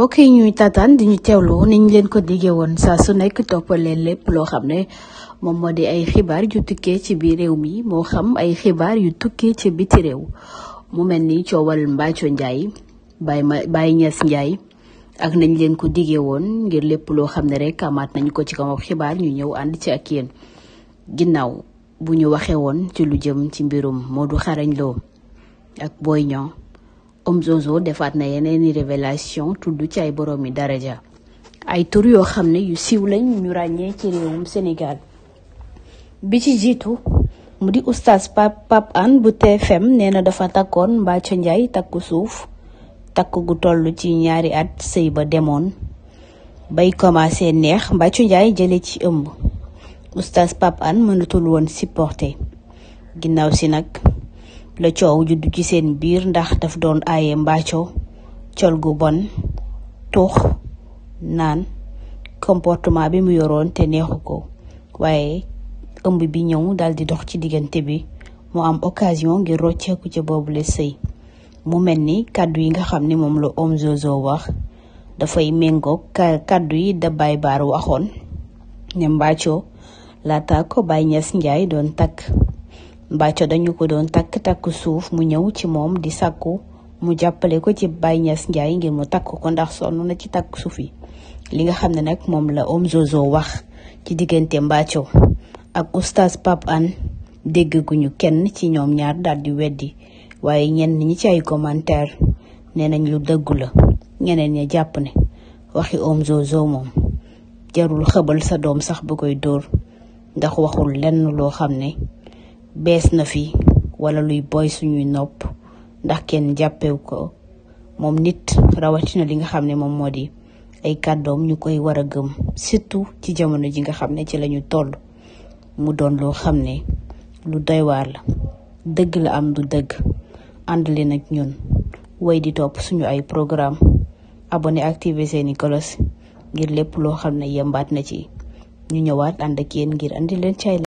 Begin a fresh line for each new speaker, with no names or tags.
mbokk yi ñuy tataan di ñu teewlu ni ñu leen ko diggee woon saa su nekk toppal leen lépp loo xam ne moom moo di ay xibaar yu tukkee ci biir réew mi moo xam ay xibaar yu tukkee ci biti réew mu mel ni coowal Mbathio Ndiaye Baye ma Baye Niass Ndiaye ak nañ leen ko diggee woon ngir lépp loo xam ne rek amaat nañu ko ci kaw xibaar ñu ñëw ànd ci ak yéen ginnaaw bu ñu waxee woon ci lu jëm ci mbirum Modou Xarañ Lo ak Boy Niang Om Zozo defaat na yeneen i révélation tudd ci ay borom yi daraja ay tur yoo xam ne yu siiw lañu ñu ràññee ci réewum Sénégal bi ci jiitu mu di oustaz Pape Pape Hann bu TFM nee na dafa takkoon Mbathio Ndiaye takku suuf takk gu toll ci ñaari at sëy ba demoon bay commencé neex Mbathio Ndiaye jële ci ëmb oustaz Pape Hann mënatul woon supporter ginnaaw si nag la coow judd ci seen biir ndax daf doon aaye mbàccoo col gu bon tuux naan comportement bi mu yoroon te neexu ko waaye ëmb bi ñëw dal di dox ci diggante bi mu am occasion ngir rocceeku ca boobu la sëy mu mel ni kàddu yi nga xam ni moom la Om Jojo wax dafay méngoo kàddu yi da Baye Baar waxoon ne mbàccoo laata ko Baye Niass Ndiaye doon takk mbàcco dañu ko doon takk-takk suuf mu ñëw ci moom di sàkku mu jàppale ko ci Baye Niass Ndiaye ngir mu takk ko ndax sonn na ci takk suuf yi li nga xam ne nag moom la Om Zozo wax ci diggante mbàcco ak oustaz Pape Hann dégguñu kenn ci ñoom ñaar daal di weddi waaye ñenn ñi ci ay commentaire nee nañ lu dëggu la ñeneen ña jàpp ne waxi Om Zozo moom jarul xëbal sa doom sax bu koy dóor ndax waxul lenn loo xam ne bees na fi wala luy boy suñuy nopp ndax kenn jàppewu ko moom nit rawatina li nga xam ne moom moo di ay kàddoom ñu koy war a gëm surtout ci jamono ji nga xam ne ci lañu toll mu doon loo xam ne lu doy la dëgg la am du dëgg ànd leen ak ñun way di topp suñu ay programme abonné activé seeni kolos ngir lépp loo xam ne yembaat na ci ñu ñëwaat ànd ak yéen ngir andi leen ci